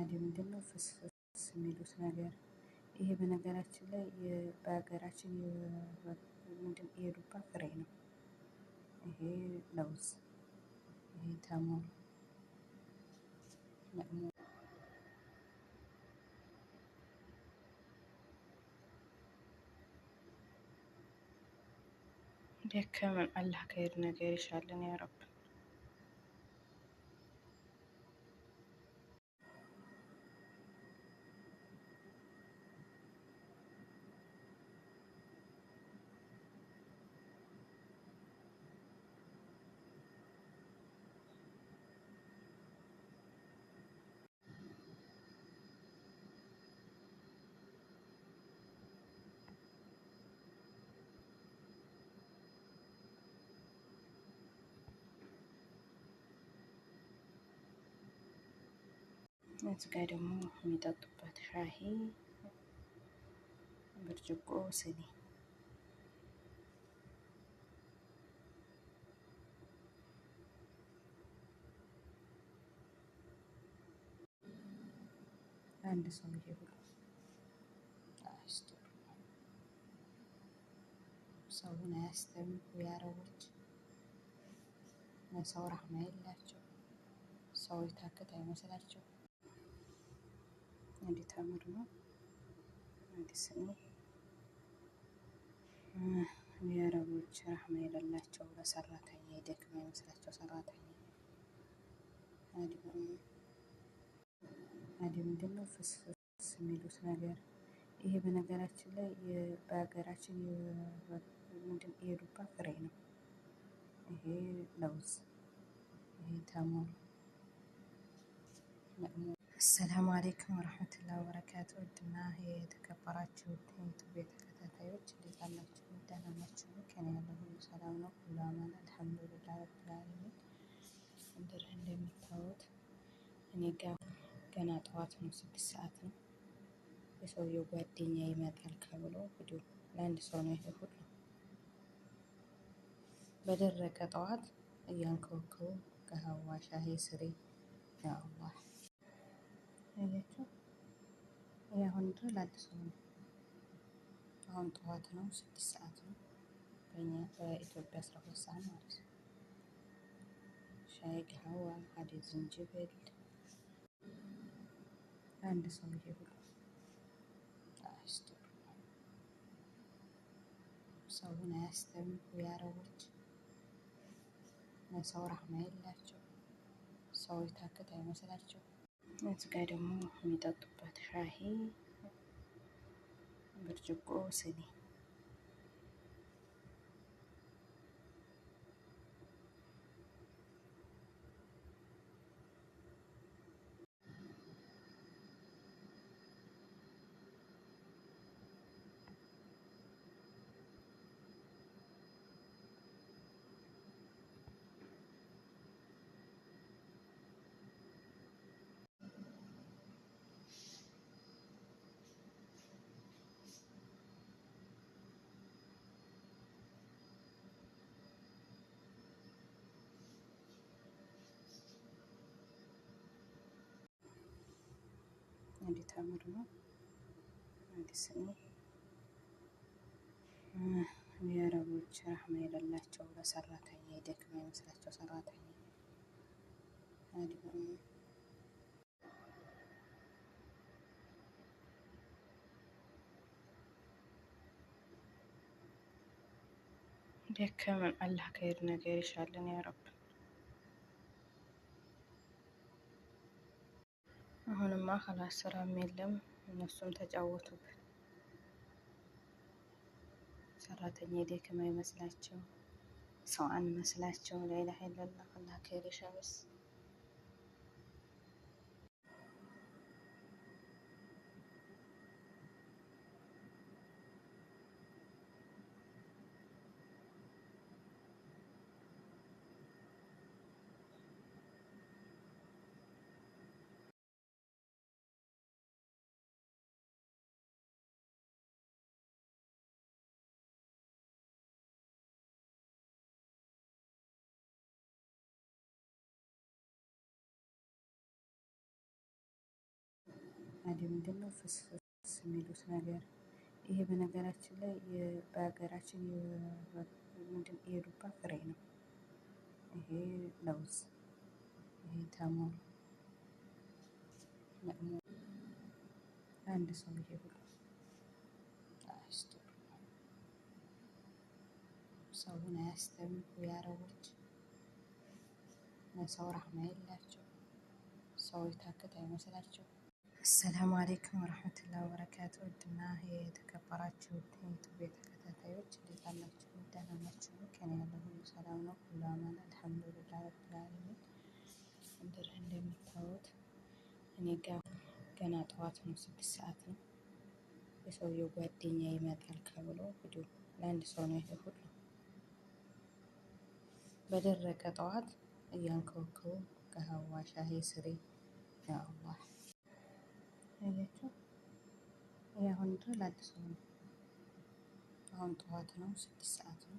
አደ ምንድነው ፍስፍስ የሚሉት ነገር ይሄ በነገራችን ላይ በሀገራችን የዱባ ፍሬ ነው። ይሄ ለውዝ፣ ይሄ ተሞር ደከመን። አላህ ከሄድ ነገር ይሻለን ያረብ እዚህ ጋር ደግሞ የሚጠጡበት ሻሂ ብርጭቆ፣ ስኒ አንድ ሰው ሰውን አያስተምሩ የአረቦች ለሰው ረህማ የላቸው። ሰው የታከተ አይመስላቸው። እንዴት አምሩ ነው አዲስ ነው። የአረቦች ረህማ የሌላቸው ለሰራተኛ የደክማ ይመስላቸው ሰራተኛ አዲ ምንድን ነው ፍስፍስ የሚሉት ነገር ይሄ በነገራችን ላይ በሀገራችን የዱባ ፍሬ ነው። ይሄ ለውዝ ይሄ ተሞር አሰላሙ አሌይኩም ወረህመቱላ ወበረካቱ። ውድና የተከበራችሁ ዩቱብ ተከታታዮች እንዴት አላችሁ? ደህና ናችሁ? ከኔ ያለው ሁሉ ሰላም ነው፣ ሁሉ አማን አልሐምዱሊላ ረብል ዓለሚን። እንድርህ እንደሚታወት እኔ ጋ ገና ጠዋት ነው፣ ስድስት ሰዓት ነው። የሰውየው ጓደኛ ይመጣል ከብሎ ቪዲዮ ለአንድ ሰው ነው ይሄ ሁሉ በደረቀ ጠዋት እያንከወከው ከሀዋ ሻሄ ስሬ ያአላህ አያችሁ ይሄ አሁን ድረስ ለአዲስ ነው። አሁን ጠዋት ነው፣ ስድስት ሰዓት ነው በኢትዮጵያ አስራ ሁለት ሰዓት ማለት ነው። ሻይ ዝንጅብል አንድ ሰው ይሄ ብሎ ሰውን ያረቦች ራህማ የላቸው ሰው አይመስላቸው dan juga ada mu minta tupat syahi bercukur sedih እንዲታምር ነው። አዲስ ነው። የአረቦች የሌላቸው ለሰራተኛ የደክማ ይመስላቸው ሰራተኛ ደከመን አላህ ከሄድ ነገር ይሻለን ያረብ አሁንማ ከላስ ስራም የለም። እነሱም ተጫወቱበት። ሰራተኛ የደከማ ይመስላቸው ሰው አንመስላቸው። ላይላ ሀይለላ አላህ ከይር ሸምስ አንድ ምንድነው ፍስፍስ የሚሉት ነገር ይሄ በነገራችን ላይ በሀገራችን የዱባ ፍሬ ነው። ይሄ ለውዝ፣ ይሄ ተሞር አንድ ሰው ይሄ ብሎ ሰውን አያስተምሩ። የአረቦች ለሰው ራህማ የላቸው። ሰው የታከት አይመስላቸው። አሰላሙ አሌይኩም ወረህመቱላ ወበረካቱ። ውድና የተከበራችሁ ዩቱብ ተከታታዮች እንዴት አላችሁ? ደህና ናችሁ? ከኔ ያለው ሁሉ ሰላም ነው፣ ሁሉ አማን አልሐምዱሊላ ረብል ዓለሚን። እንድር እንደምታዩት እኔ ጋ ገና ጠዋት ነው፣ ስድስት ሰዓት ነው። የሰውየው ጓደኛ ይመጣል ከብሎ እንዲሁ ለአንድ ሰው ነው ይሄ ሁሉ በደረቀ ጠዋት እያንከወከቡ ከሀዋ ሻሄ ስሬ ያአላህ አያችሁ ይሄ አሁን ድረስ ለአዲስ ነው። አሁን ጠዋት ነው፣ ስድስት ሰዓት ነው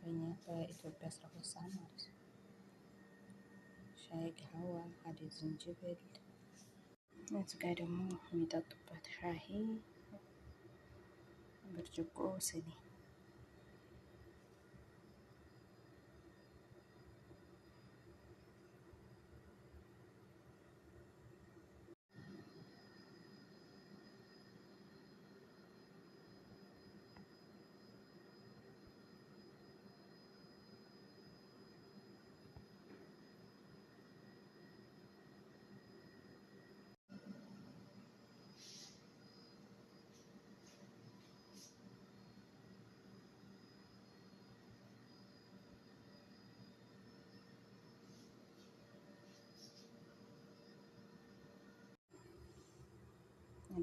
በእኛ በኢትዮጵያ አስራ ሁለት ሰዓት ማለት ነው። ሻይ ቀህዋ፣ አደ ዝንጅብል፣ እዚህ ጋር ደግሞ የሚጠጡበት ሻሂ ብርጭቆ፣ ስኒ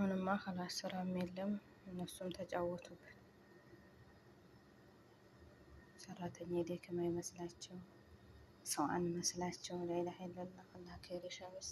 አሁንማ ከላስ ስራም የለም። እነሱም ተጫወቱብን። ሰራተኛ የደከመ ይመስላቸው ሰው አንመስላቸው። ላይላ ሀይለላ አላህ ከይር ይሸምስ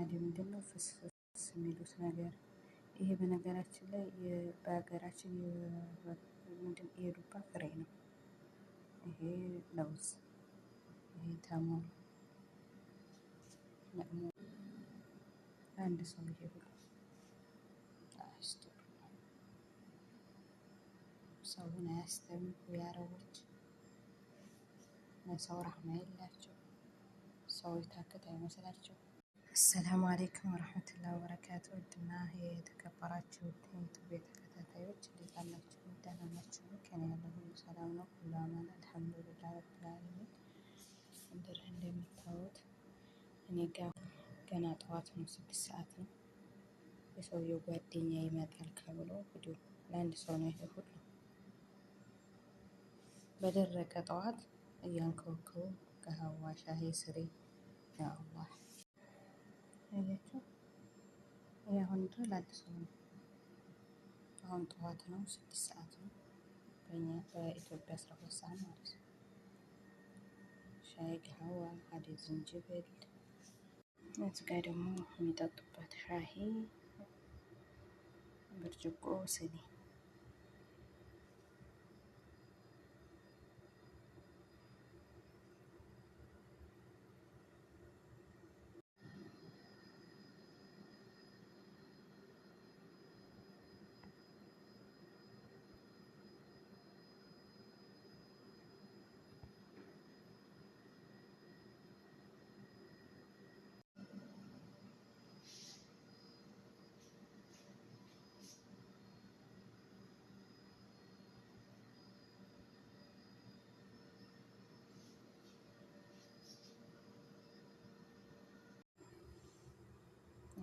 አደ ምንድነው ፍስፍስ የሚሉት ነገር ይሄ በነገራችን ላይ በሀገራችን የዱባ ፍሬ ነው። ይሄ ለውዝ፣ ይሄ ተምር አንድ ሰው ይሄ ብሎ ሰውን አያስተምሩ ያረቦች ለሰው ራህማ የላቸው ሰው የታከት አይመስላቸው አሰላሙ አሌይኩም ወረህመቱላ ወበረካቱ። ውድና የተከበራችሁ ዩቱብ ተከታታዮች እንዴት አላችሁ? ደህና ናችሁ? ከኔ ያለው ሁሉ ሰላም ነው፣ ሁሉ አማን አልሐምዱሊላ ረብል ዓለሚን። እንድርህ እንደሚታወት እኔ ጋ ገና ጠዋት ነው፣ ስድስት ሰዓት ነው። የሰውየው ጓደኛ ይመጣል ከብሎ ቪዲዮ ለአንድ ሰው ነው ይሄ ሁሉ በደረቀ ጠዋት እያንከወከው ከሀዋ ሻሄ ስሬ ያአላህ አያችሁ፣ ይሄ አሁን ድረስ ለአዲስ ነው። አሁን ጠዋት ነው፣ ስድስት ሰዓት ነው በእኛ በኢትዮጵያ አስራ ሁለት ሰዓት ማለት ነው። ሻይ ቃህዋ፣ አደይ ዝንጅብል፣ እዚህ ጋር ደግሞ የሚጠጡበት ሻሂ ብርጭቆ፣ ስኒ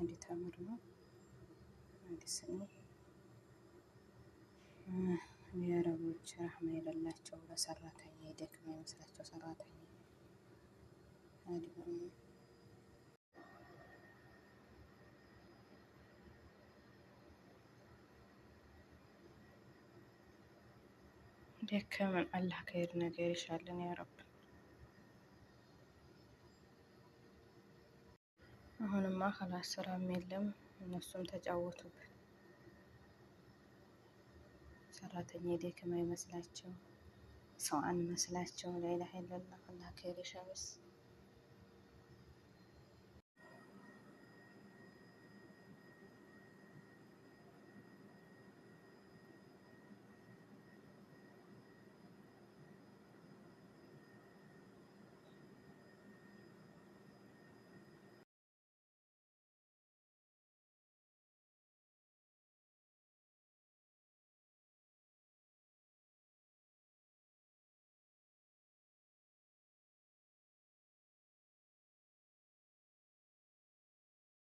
እንዲታምር ነው። አዲስ ነው። የአረቦች ረህማ የሌላቸው የደክማ ሰራተኛ ደከመን። አላህ ከሄድ ነገር ይሻለን ያረብ አሁንማ ከላስ ስራም የለም። እነሱም ተጫወቱብን። ሰራተኛ የደከማ ይመስላቸው ሰው አንመስላቸው። ላይላ ሀይለላ አላህ ከይር ሸምስ